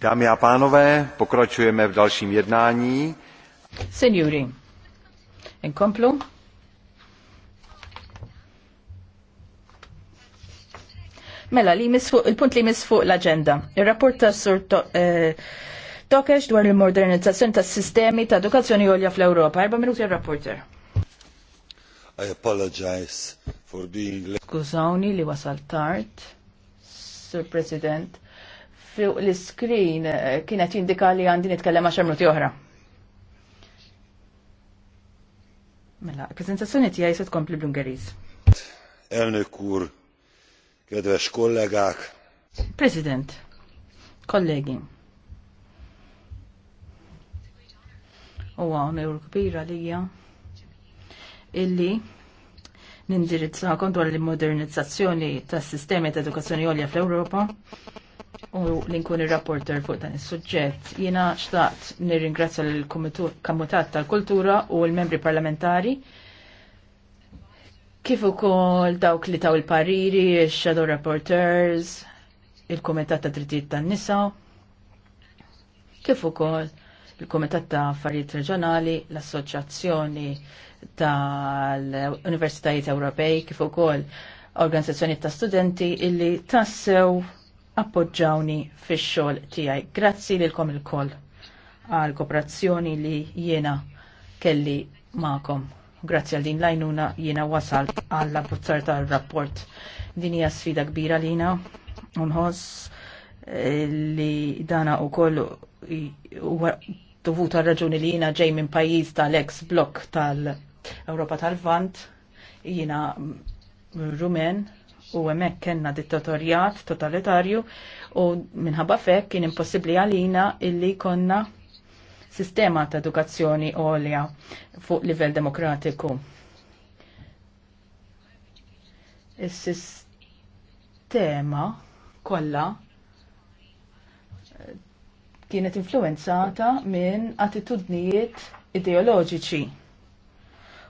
Dámy a pánové, pokračujeme v dalším jednání. Signori, inkomplu. Mela, li misfuq, il-punt li misfuq l-agenda. Il-rapport ta' sur to, eh, Tokex dwar il-modernizzazzjoni ta' sistemi ta' edukazzjoni għolja fl-Europa. Erba minuti il-rapporter. I apologize for being late. Skużawni li wasal tard, Sir President fuq l-iskrin eh, kienet jindika li għandi nitkellem għaxar minuti oħra. Mela, prezentazzjoni tiegħi se tkompli bl-Ungeriż. Elnök úr, kedves kollegák. President, kollegi, huwa onur kbira lija illi nindirizzakon dwar l modernizzazzjoni tas-sistemi ta' edukazzjoni għolja fl-Ewropa u li nkun ir-rapporter fuq dan is-suġġett. Jiena xtaqt nirringrazzja l-Komitat tal-Kultura u l-membri parlamentari kif ukoll dawk li taw il-pariri, il-shadow rapporteurs, il-Komitat ta' Drittijiet tan-Nisa, kif ukoll il-Komitat ta' Affarijiet Reġjonali, l-Assoċjazzjoni tal-Universitajiet Ewropej, kif ukoll organizzazzjoni ta' studenti illi tassew appoġġawni fix-xogħol tiegħi. Grazzi lilkom il-koll għal kooperazzjoni li jiena kelli ma'kom. Grazzi għal din lajnuna jiena wasal għall abbozzar tal-rapport. Din hija sfida kbira lina unħoss eh, li dana u koll dovuta raġuni li jiena ġej minn pajjiż tal-ex blok tal-Europa tal-Vant, jiena mm, rumen, u hemmhekk kellna dittatorjat totalitarju u minħabba fekk kien impossibbli għalina illi konna sistema ta' edukazzjoni għolja fuq livell demokratiku. Is-sistema kollha kienet influenzata minn attitudnijiet ideoloġiċi.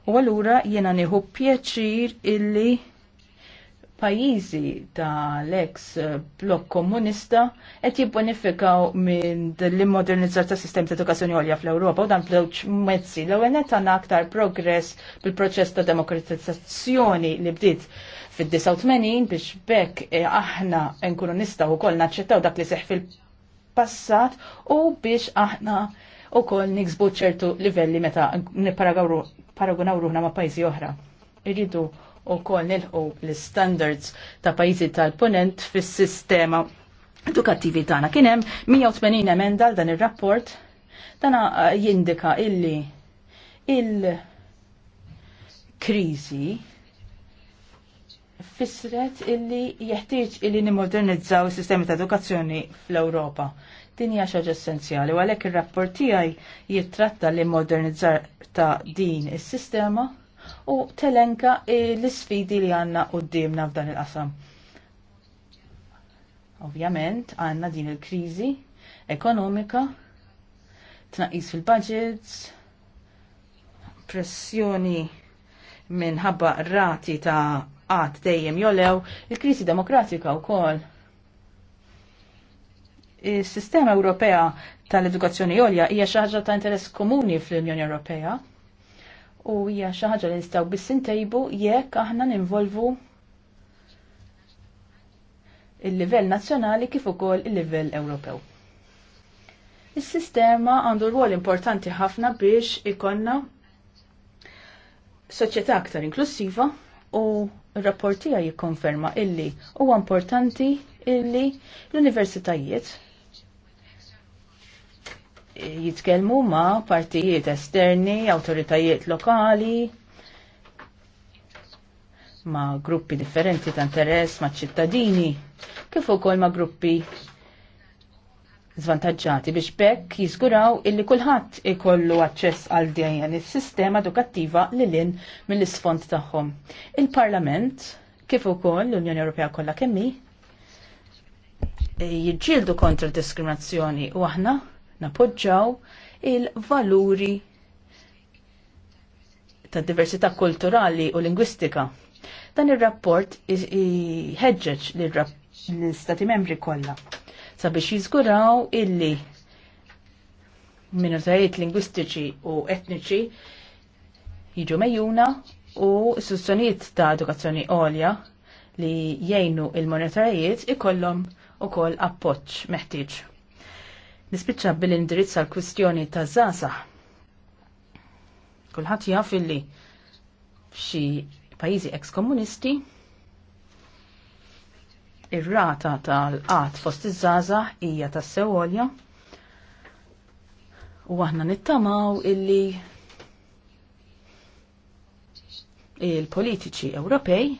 U għallura jiena nieħu pjaċir illi pajizi tal-ex blok komunista qed jibbonifikaw minn l-immodernizzar ta' sistem ta' edukazzjoni għolja fl-Ewropa u dan b'żewġ mezzi. l għenet għanna aktar progress bil-proċess ta' demokratizzazzjoni li bdiet fid-89 biex bekk eh, aħna nkunu u wkoll naċċettaw dak li seħ fil-passat u biex aħna wkoll niksbu ċertu livelli meta nipparagunaw ruħna ma' pajjiżi oħra. Irridu u kol nilħu l-standards ta' pajizi tal-ponent fis sistema edukattivi tana. Kienem 180 emenda dan il-rapport dana uh, jindika illi il-krizi fisret illi jeħtieġ illi nimodernizzaw is-sistemi ta' edukazzjoni fl-Ewropa. Din hija xaġa essenzjali u għalhekk ir-rapport tiegħi jittratta li modernizzar ta' din is-sistema u telenka eh, l-sfidi li għanna u d-dimna f'dan il-qasam. Ovvjament, għanna din il-krizi ekonomika, tnaqis fil-budgets, pressjoni minħabba rati ta' għat dejjem jolew, il-krizi demokratika u kol. Il-sistema Ewropea tal-edukazzjoni jolja hija xi ħaġa ta' interess komuni fl-Unjoni Ewropea u hija xi ħaġa li nistgħu biss intejbu jekk aħna ninvolvu il-livell nazzjonali kif ukoll il-livell Ewropew. Is-sistema għandu rwol importanti ħafna biex ikonna soċjetà aktar inklusiva u r-rapportija jikkonferma illi huwa importanti illi l-universitajiet jitkellmu ma' partijiet esterni, awtoritajiet lokali, ma' gruppi differenti ta' interess, ma' ċittadini, kif ukoll ma' gruppi zvantagġati biex bekk jiżguraw illi kulħadd ikollu aċċess għal dejjan is-sistema edukattiva li lin mill-isfond tagħhom. Il-Parlament kif ukoll l-Unjoni Ewropea kollha kemm jiġġieldu kontra diskriminazzjoni u aħna napoġġaw il-valuri ta' diversità kulturali u lingwistika. Dan ir-rapport ħeġġeġ l istati membri kollha sabiex jiżguraw illi minoritajiet lingwistiċi u etniċi jiġu mejjuna u sussonijiet ta' edukazzjoni għolja li jgħinu il-monetarijiet ikollhom ukoll appoġġ meħtieġ nispiċċa bil-indirizz għal kwistjoni ta' zazax. Kulħadd jaf illi f'xi pajjiżi ekskomunisti ir-rata tal-qat fost iż-żazax hija tas-sewolja u aħna nittamaw illi il-politiċi Ewropej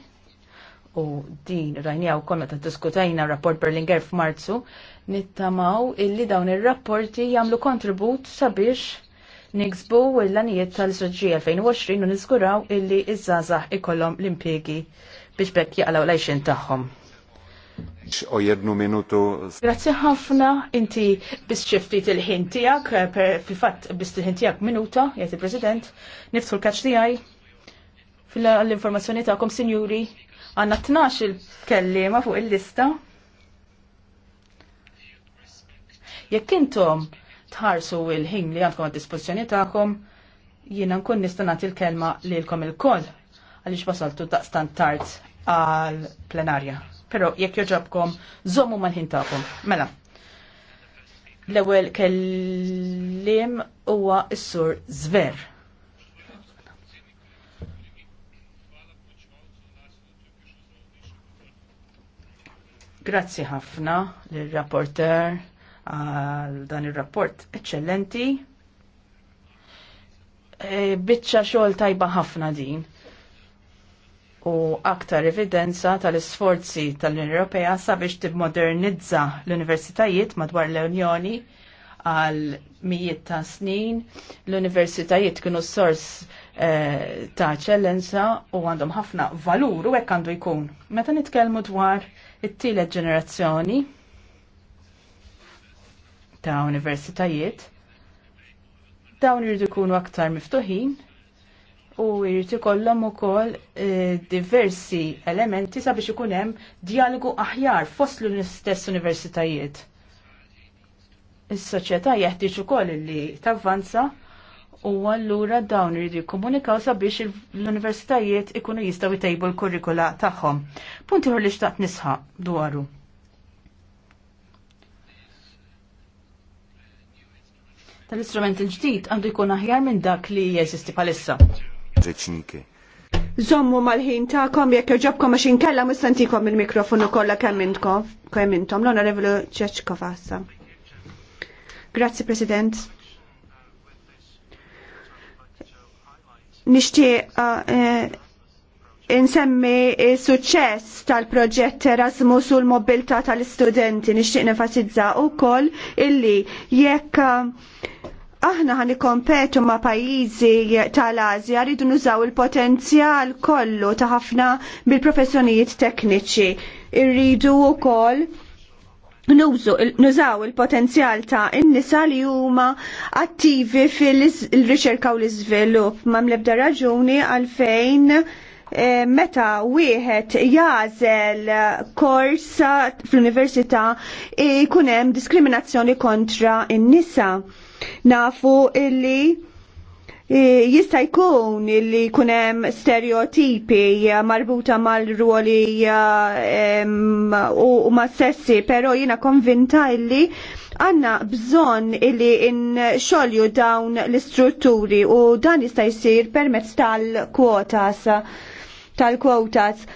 u din rajnijaw konna ta' diskutajna rapport Berlinger f'Marzu, nittamaw illi dawn ir-rapporti jagħmlu kontribut sabiex niksbu l-lanijiet tal-istraġġija 2020 u niżguraw illi iż-żgħażagħ ikollhom l-impjegi biex bekk jaqlaw lajxin tagħhom. O jednu minutu. Grazzi ħafna, inti biex ċiftit il-ħin tiegħek, fil-fatt biex il-ħin tiegħek minuta, jgħati president niftu l-kaċ tiegħi fil-informazzjoni tagħkom, sinjuri, Għanna 12 il-kellima fuq il-lista. Jekk intom tħarsu il-ħin li għandkom għad-dispozizjoni tagħkom, jiena nkun nista' nagħti l-kelma lilkom il-koll għalix wasaltu daqstant tard għal plenarja. Pero jekk joġabkom, żommu mal-ħin tagħkom. Mela, l-ewwel kellim huwa s-sur Zver. Grazzi ħafna l-rapporter għal dan il-rapport eccellenti. E, Bitċa xogħol tajba ħafna din u aktar evidenza tal-isforzi tal-Unjoni Ewropea sabiex tibmodernizza l-universitajiet madwar l-Unjoni għal mijiet ta' snin. L-universitajiet kienu sors e, ta' eccellenza u għandhom ħafna valur u hekk għandu jkun. Meta nitkellmu dwar it-tielet ġenerazzjoni ta' universitajiet dawn jridu jkunu aktar miftuħin u jrid ikollhom ukoll eh, diversi elementi sabiex ikun hemm dialogu aħjar fost l-istess universitajiet. Is-soċjetà jeħtieġ ukoll li tavvanza u allura dawn iridu jikkomunikaw sabiex l-universitajiet ikunu jistgħu jtejbu l-kurrikula tagħhom. Punti li xtaqt nisħaq dwaru. Tal-istrument il-ġdid għandu jkun aħjar minn dak li jeżisti bħalissa. Zeċnike. Zommu mal-ħin ta'kom jekk joġobkom għax inkella mistantikom il-mikrofonu kollha kemm intkom, kemm intom l onorevlu Ċeċkov għassa. Grazzi President. Nixtieq eh, eh, insemmi il-suċċess tal-proġett Erasmus u l-mobilta tal-istudenti nixtieq nenfasizza wkoll illi jekk eh, aħna ħani kompetu ma' pajjiżi tal-Azja rridu nużaw il-potenzjal kollu ta' ħafna bil-professjonijiet tekniċi. Irridu wkoll nużaw il-potenzjal ta' in-nisa li huma attivi fil-riċerka u l-iżvilupp mamlebda raġuni għalfejn eh, meta wieħed jażel kors fl-università ikun hemm diskriminazzjoni kontra n nisa Nafu illi Eh, jista' jkun li jkun hemm stereotipi marbuta mal-ruoli eh, u ma' sessi, però jiena konvinta illi għanna bżon illi xolju dawn l-istrutturi u dan jista' jsir permezz tal-kwotas tal-kwotas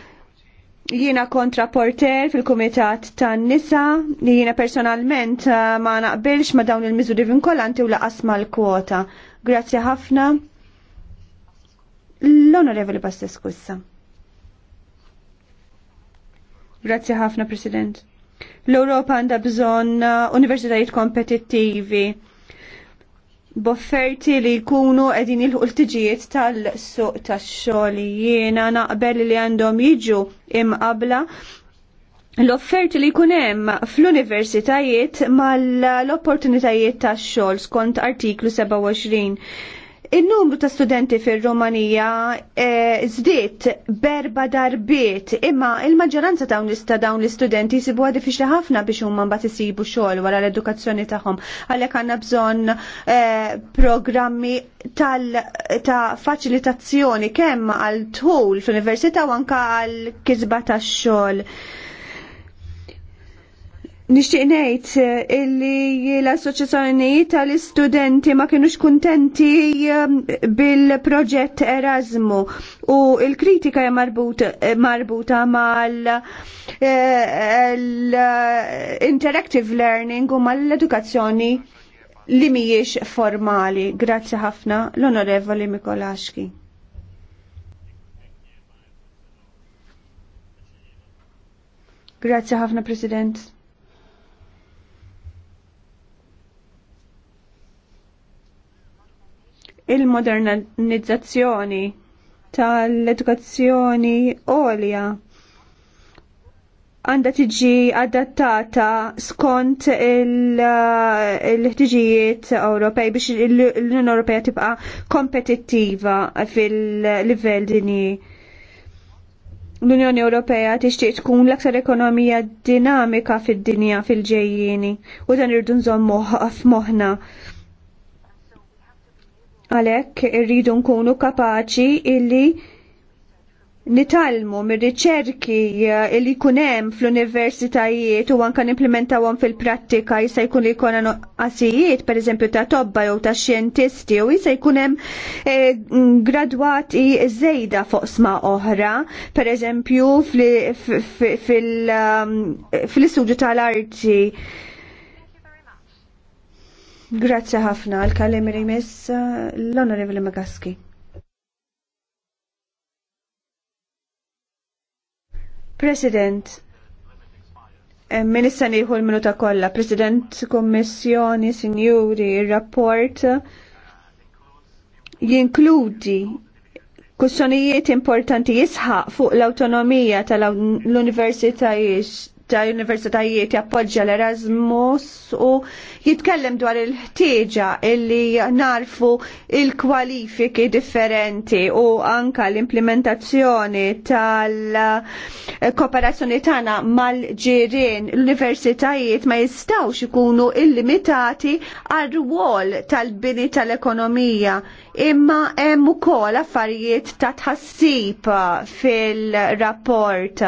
jiena kontraporter fil-Kumitat tan-Nisa li jiena personalment eh, ma naqbilx ma dawn il-miżuri vinkolanti u laqas mal-kwota. Grazzi ħafna. L-Onorevoli Bastescu issa. Grazzi ħafna, President. L-Europa għandha bżonn uh, universitajiet kompetittivi bofferti li jkunu qegħdin il l tal-suq tax-xogħol jiena naqbel li għandhom jiġu imqabla l-offerti li kunem fl-universitajiet mal-opportunitajiet ta' xol skont artiklu 27. Il-numru ta' studenti fil-Romanija eh, zdiet berba darbiet imma il-maġġoranza ta' unista dawn l-istudenti jisibu għad diffiċli ħafna biex huma mbagħad jisibu xogħol wara l-edukazzjoni tagħhom. Għalhekk għandna bżonn eh, programmi tal ta' faċilitazzjoni kemm għal tħul fl-università u anke għal kisba tax-xogħol. Nixtieq ngħid eh, illi l associazzjoni tal-istudenti ma kienux kuntenti eh, bil-proġett Erasmu u l-kritika hija eh, marbuta mal interactive learning u mal-edukazzjoni li mhijiex formali. Grazzi ħafna l-Onorevoli Mikolaxki. Grazzi ħafna President. il-modernizzazzjoni tal-edukazzjoni għolja għanda tiġi adattata skont il-ħtiġijiet Ewropej biex l-Unjoni Ewropea tibqa' kompetittiva fil-livell dinji. L-Unjoni Ewropea tixtieq tkun l-aktar ekonomija dinamika fid-dinja fil-ġejjieni u dan irdu nżommu f'moħħna. Għalhekk irridu nkunu kapaċi illi nitalmu mir-riċerki eh, li kunem fl-universitajiet u għankan nimplementawhom fil-prattika jista' jkun li asijiet, per pereżempju ta' tobba jew ta' xjentisti u jista' jkun hemm eh, gradwati żejda fuq sma oħra, pereżempju fil-istudju um, tal-arti Grazzi ħafna għal kalim rimis l-Onorevoli Magaski. President, eh, Ministra nieħu l-minuta kollha, President Kommissjoni, Sinjuri, ir-rapport jinkludi kussjonijiet importanti jisħaq fuq l-autonomija tal tal-l-Universitajiex ta' universitajiet jappoġġja l-Erasmus u jitkellem dwar il-ħtieġa illi narfu il-kwalifiki differenti u anka l-implementazzjoni tal-kooperazzjoni tagħna mal-ġirien l-universitajiet ma jistawx ikunu illimitati għal rwol tal-bini tal-ekonomija imma hemm ukoll affarijiet ta' tħassib fil-rapport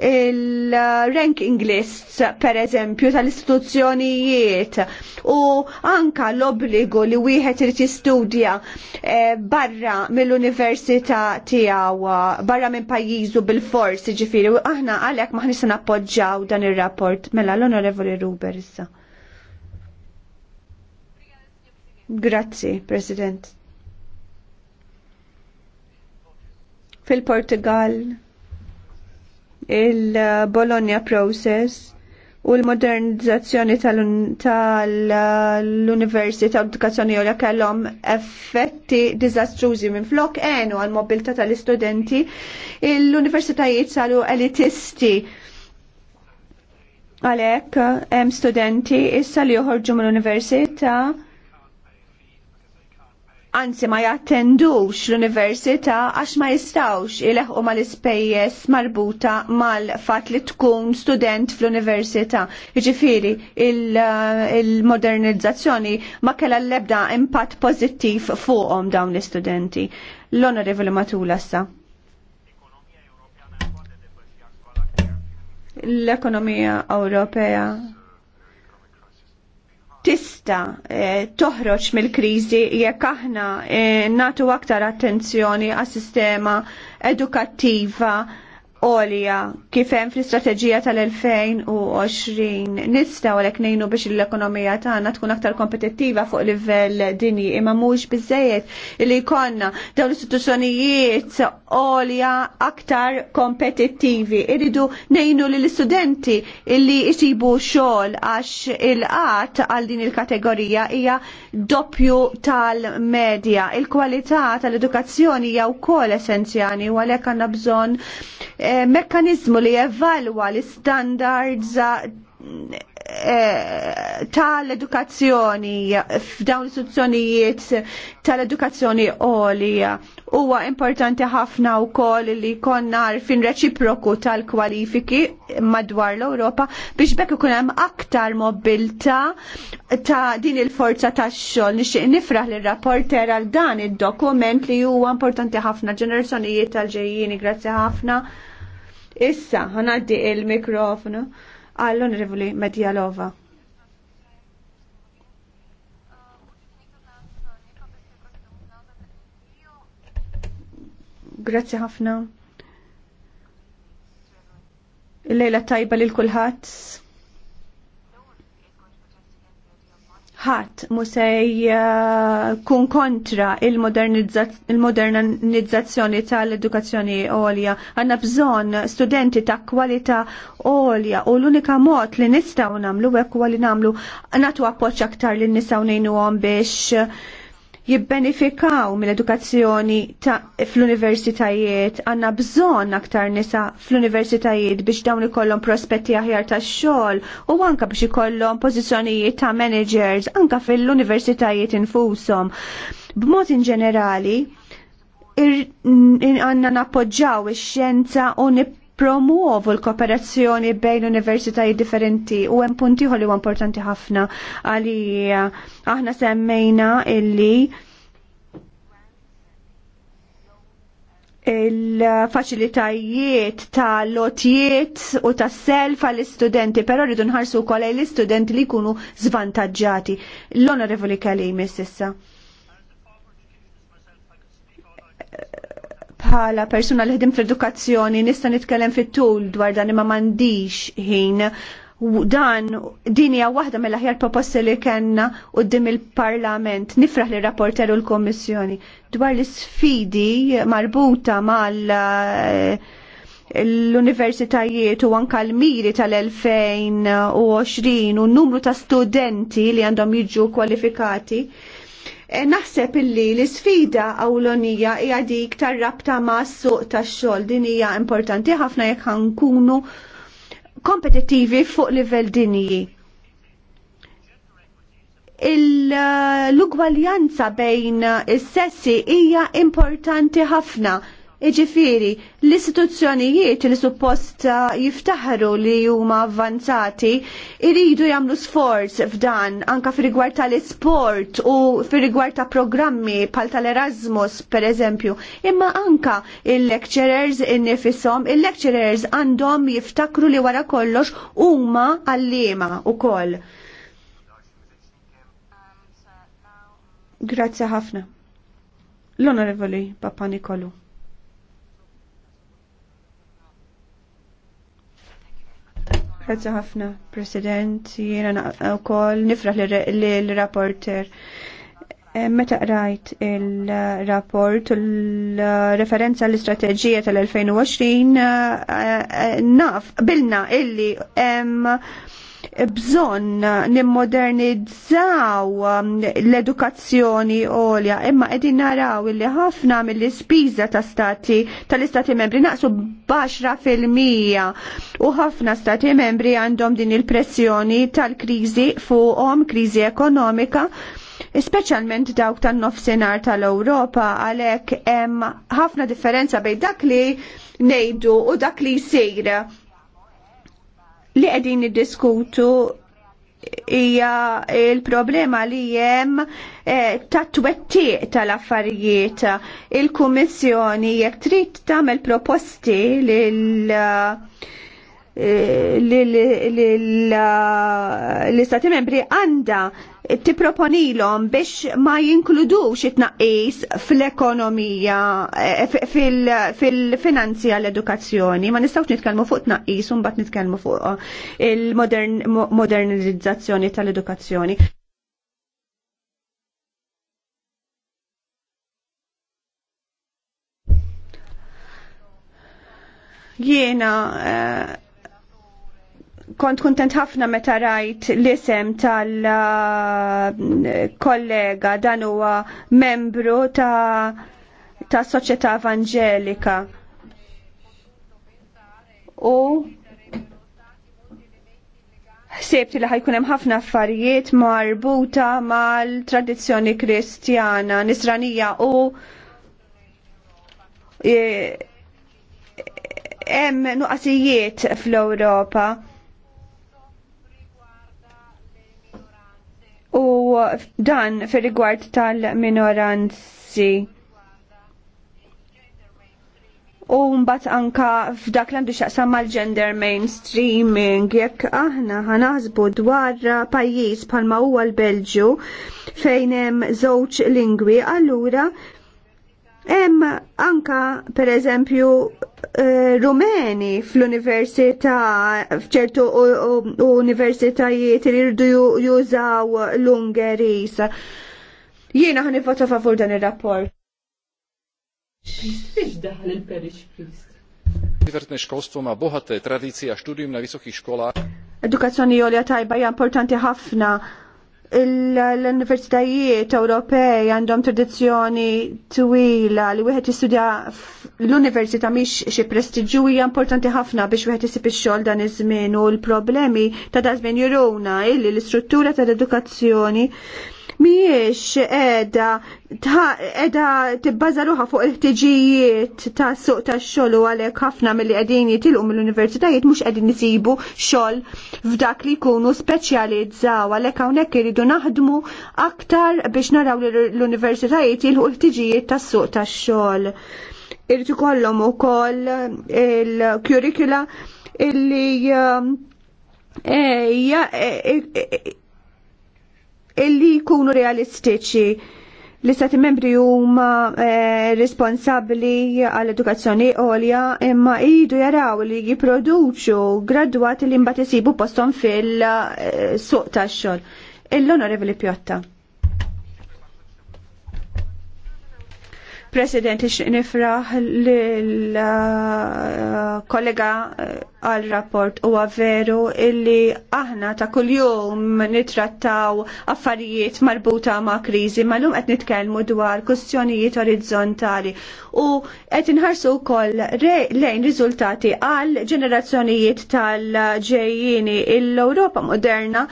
il-ranking lists per eżempju tal-istituzzjonijiet u anka l-obbligu li wieħed irid jistudja eh, barra mill-università tiegħu barra minn pajjiżu bil-fors ġifieri u aħna għalhekk ma ħnista nappoġġjaw dan ir-rapport mela l-Onorevoli Ruber issa. Grazzi, President. Fil-Portugal, il-Bologna Process u l-modernizzazzjoni tal-Università tal Edukazzjoni Olja kellhom effetti diżastrużi minn flok enu għal mobilità tal-istudenti l-universitajiet salu elitisti għalhekk hemm studenti issa li joħorġu mill-università anzi ma jattendux l-università għax ma jistawx ileħqu mal-ispejjeż marbuta mal-fatt li tkun student fl-università. Jiġifieri il-modernizzazzjoni il ma kellha l-ebda impatt pozittiv fuqhom dawn l-istudenti. L-Onorevoli Matula sa. L-ekonomija Ewropea tista eh, toħroġ mill-kriżi jekk aħna eh, natu aktar attenzjoni għas-sistema edukattiva olja kif hemm fl-istrateġija tal-2020 nistgħu għalhekk ngħinu biex l-ekonomija tagħna tkun aktar kompetittiva fuq livell dinji imma mhux biżejjed li jkollna dawn l-istituzzjonijiet olja aktar kompetittivi. Iridu ngħinu lill istudenti li jsibu xogħol għax il-qatt għal din il-kategorija hija doppju tal-medja. Il-kwalità tal-edukazzjoni hija wkoll essenzjali u għalhekk għandna bżonn Eh, mekkanizmu li jevalwa l-standards eh, tal-edukazzjoni f'dawn l-istituzzjonijiet tal-edukazzjoni għolija huwa importanti ħafna wkoll li konna fin reċiproku tal-kwalifiki madwar l-Ewropa biex bekk ikun hemm aktar mobilità ta' din il-forza tax-xogħol. Nixtieq nifraħ lir rapporter għal dan id-dokument li huwa importanti ħafna ġenerazzjonijiet tal-ġejjini. Grazzi ħafna. Issa, ħanaddi il-mikrofonu għall-Onorevoli Lova. Grazzi ħafna. Il-lejla tajba lil kulħadd. ħadd mu se jkun eh, kontra il-modernizzazzjoni il modernizzazzjoni tal edukazzjoni għolja. Għandna bżonn studenti ta' kwalità għolja u l-unika mod li nistgħu nagħmlu hekk huwa li nagħmlu nagħtu appoġġ aktar lin nisa ngħinuhom biex jibbenifikaw mill-edukazzjoni fl-universitajiet, għanna bżon aktar nisa fl-universitajiet biex dawn ikollhom prospetti aħjar ta' xogħol u anka biex ikollhom pożizzjonijiet ta' managers anka fil-universitajiet infushom. B'mod in ġenerali, għanna nappoġġaw ix-xjenza u nipp promuovu l-kooperazzjoni bejn universitajiet differenti u hemm punti li huwa importanti ħafna għali aħna semmejna illi il-faċilitajiet ta' lotijiet u ta' self għall istudenti pero rridu nħarsu kol l-istudenti li jkunu zvantagġati. L-onorevoli Kalim s'issa. bħala persuna li ħdim fl-edukazzjoni nista' nitkellem fit-tul dwar dan imma m'għandix ħin dan din hija waħda mill-aħjar proposti li kellna quddiem il-Parlament nifraħ li rapporter u l-Kommissjoni dwar l isfidi marbuta mal eh, l-universitajiet u anka l-miri tal-2020 u n-numru ta' studenti li għandhom jiġu kwalifikati Eh, naħseb illi l-isfida awlonija hija dik tar-rabta ma' suq tax-xogħol din hija importanti ħafna jekk nkunu kompetittivi fuq livell dinji l-ugwaljanza bejn is-sessi hija importanti ħafna Iġifiri, l-istituzzjonijiet li suppost uh, jiftaħru li huma avvanzati iridu jagħmlu sforz f'dan anka fir-rigward tal-isport u fir-rigward ta' programmi pal tal-Erasmus pereżempju, imma anka il-lecturers innifisom, il-lecturers għandhom jiftakru li wara kollox huma għallima wkoll. Grazzi ħafna. L-Onorevoli Papa Nikolu. Grazie ħafna, President, jiena wkoll nifraħ l-rapporter. Eh, meta qrajt il-rapport l-referenza l-istrateġija tal-2020 eh, eh, naf bilna illi hemm bżonn nimmodernizzaw um, l-edukazzjoni għolja imma qegħdin naraw li ħafna mill-ispiża ta' stati tal-istati membri naqsu baxra fil-mija u ħafna stati membri għandhom din il-pressjoni tal-kriżi fuqhom kriżi ekonomika Speċjalment dawk tan-nofsinhar tal-Ewropa għalhekk hemm ħafna differenza bejn dak li ngħidu u dak li jsir li qegħdin diskutu hija il-problema li hemm eh, ta' twettiq tal-affarijiet. Il-Kummissjoni jekk trid tagħmel proposti lil uh, l-istati membri għanda proponilom biex ma jinkludux it-naqis fl-ekonomija, eh, fil finanzi l-edukazzjoni. Ma nistawx nitkelmu fuq tnaqis, un bat nitkelmu fuq oh, il-modernizzazzjoni tal-edukazzjoni. Jiena eh, kont kontent ħafna meta rajt l-isem tal-kollega uh, dan huwa membru ta' ta' soċjetà evangelika. U ħsebti li ħajkun hemm ħafna affarijiet marbuta mal-tradizzjoni Kristjana, Nisranija u eh, hemm nuqqasijiet fl-Ewropa u dan fir rigward tal-minoranzi. U mbagħad anka f'dak l għandu x'aqsam mal-gender mainstreaming jekk aħna ħanaħsbu dwar pajjiż bħalma huwa l-Belġju fejn hemm żewġ lingwi, allura Hemm anka per eżempju eh, Rumeni fl-università f'ċertu universitajiet li jirdu jużaw l-Ungeris. Jiena ħan vota favur dan ir-rapport. na Edukazzjoni jolja tajba hija importanti ħafna l-universitajiet Ewropej għandhom tradizzjoni twila li wieħed jistudja l-università mhix xi prestiġju hija importanti ħafna biex wieħed isib ix-xogħol dan iż-żmien u l-problemi ta' dażmien juruna illi l-istruttura tal-edukazzjoni miex edha, qiegħda tibbaża ruħha fuq il-ħtiġijiet tas-suq tax-xogħol u għalhekk ħafna milli qegħdin jitilqu mill-universitajiet mhux qegħdin isibu xogħol f'dak li jkunu speċjalizzaw għalhekk hawnhekk iridu naħdmu aktar biex naraw li l-universitajiet jilħu l-ħtiġijiet tas-suq tax-xogħol. Irid ikollhom ukoll il curricula illi eh, eh, eh, illi jkunu realistiċi li stati membri huma eh, responsabbli għall edukazzjoni għolja imma idu jaraw li jipproduċu gradwati li mbagħad isibu posthom fil-suq eh, tax-xogħol. Il-Onorevoli Pjotta. President, ix nifraħ l-kollega uh, uh, għal rapport u għaveru illi aħna ta' kull-jum nitrattaw affarijiet marbuta ma' krizi, ma' l-lum għet nitkelmu dwar kustjonijiet orizzontali u għet nħarsu koll lejn rizultati għal ġenerazzjonijiet tal-ġejjini l-Europa moderna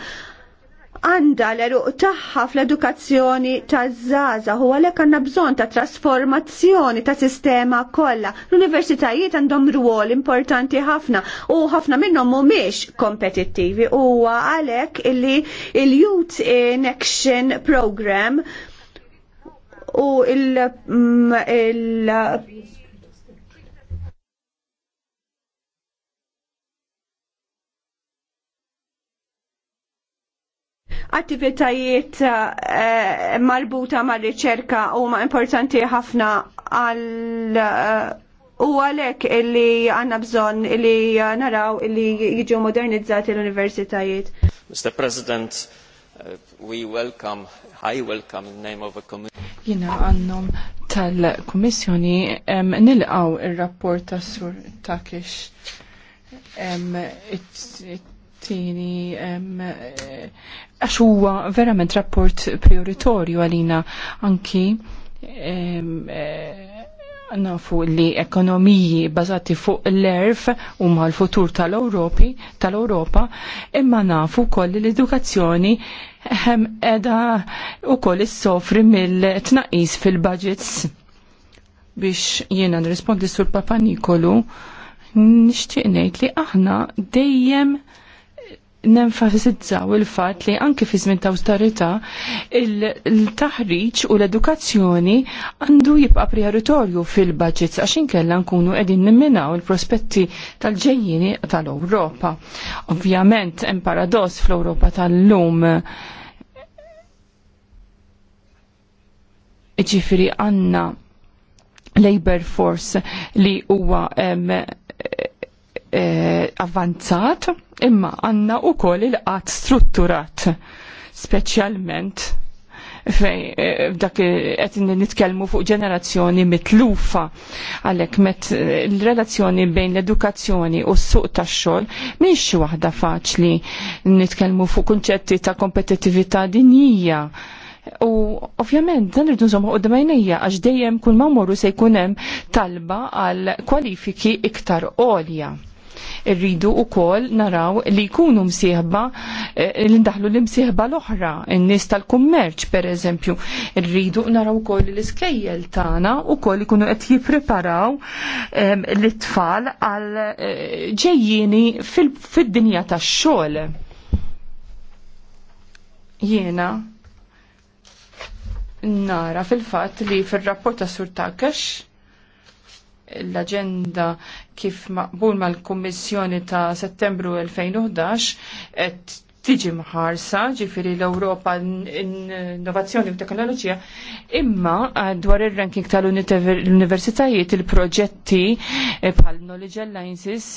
għanda l-eruq taħħa fl-edukazzjoni ta' Zaza, u għalhekk għandna bżonn ta' trasformazzjoni ta' sistema kollha. L-universitajiet għandhom ruol importanti ħafna u ħafna minnhom mhumiex kompetittivi u għalhekk illi il-Youth in Action Program u il-, mm, il attivitajiet eh, marbuta mal riċerka u ma' importanti ħafna għal eh, u għalek illi għanna bżon illi naraw illi jiġu modernizzati l-universitajiet. Mr. President, eh, we welcome, I welcome in name of a community. Jina għannom tal-Komissjoni um, nilqaw il-rapport ta' Sur Takish. Um, it, it, tini eh, għax huwa verament rapport prioritorju għalina anki eh, nafu li ekonomiji bazati fuq l-erf u ma l-futur tal-Europi, tal-Europa, imma nafu koll l-edukazzjoni hemm edha u koll s sofri mill-tnaqis fil-budgets biex jiena nrispondi sur Papa Nikolu nixtieq ngħid li aħna dejjem nenfasizzaw il-fat li anki fi żmien ta' austerità il-taħriġ u l-edukazzjoni għandu jibqa' prioritorju fil-budgets għax inkella nkunu qegħdin nimminaw il-prospetti tal-ġejjini tal-Ewropa. Ovvjament hemm paradoss fl-Ewropa tal-lum Ġifieri għandna labor force li huwa Eh, avvanzat imma għanna u koll il-qat strutturat specialment fej eh, dak qed nitkellmu fuq ġenerazzjoni mitlufa għalhekk met eh, il-relazzjoni bejn l-edukazzjoni u s-suq tax-xogħol mhix xi waħda faċli nitkellmu fuq kunċetti ta' kompetittività dinjija. U ovvjament dan irdu nżommu qudiem għajnejja għax dejjem kull ma mmorru se jkun hemm talba għal kwalifiki iktar għolja Irridu wkoll naraw li jkunu msieħba eh, li ndaħlu li msieħba l-oħra, n nies tal-kummerċ pereżempju. Irridu naraw ukoll l-iskejjel tagħna wkoll ikunu qed jippreparaw ehm, l-tfal għal eh, ġejjini fid-dinja tax-xogħol. Jiena nara fil-fatt li fil-rapport ta' Sur Takax l-agenda kif maqbul mal-Kummissjoni ta' Settembru 2011 qed tiġi mħarsa, ġifiri l-Europa innovazzjoni u teknoloġija, imma dwar il-ranking tal-universitajiet il-proġetti eh, bħal Knowledge Alliances,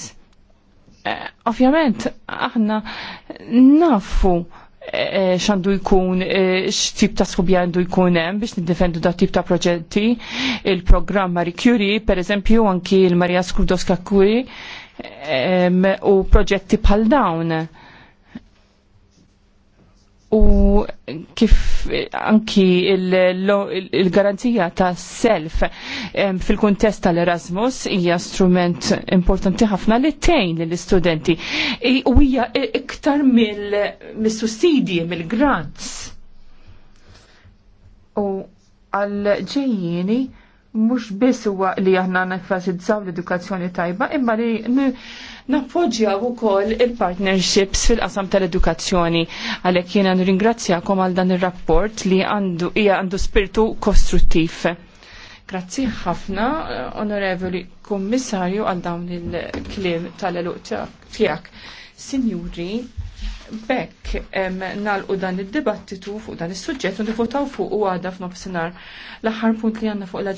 eh, ovvjament aħna nafu E, e, xandu jkun e, x'tip ta' skubja għandu jkun hemm biex niddefendu da' tip ta' proġetti. Il-programm Marie Curie, per eżempju, anki il-Maria Skrudoska Curie u proġetti bħal dawn. U kif anki il-garanzija ta' self fil-kuntest tal-Erasmus hija strument importanti ħafna li tejn l-istudenti u hija iktar mill-sussidji, mill-grants. U għal-ġejjini mhux biss huwa li aħna nenfasizzaw l-edukazzjoni tajba, imma li Nappoġġjaw ukoll il-partnerships fil-qasam tal-edukazzjoni għalhekk jiena nirringrazzjakom għal dan ir-rapport li għandu hija għandu spiritu kostruttiv. Grazzi ħafna, eh, onorevoli kommissarju għal dawn il-klim tal-eluq tiegħek. Signuri bekk nalqu dan id-dibattitu fuq dan is-suġġett u difotaw fuq u għadha f'nofsinhar l-aħħar punt li għandna fuq l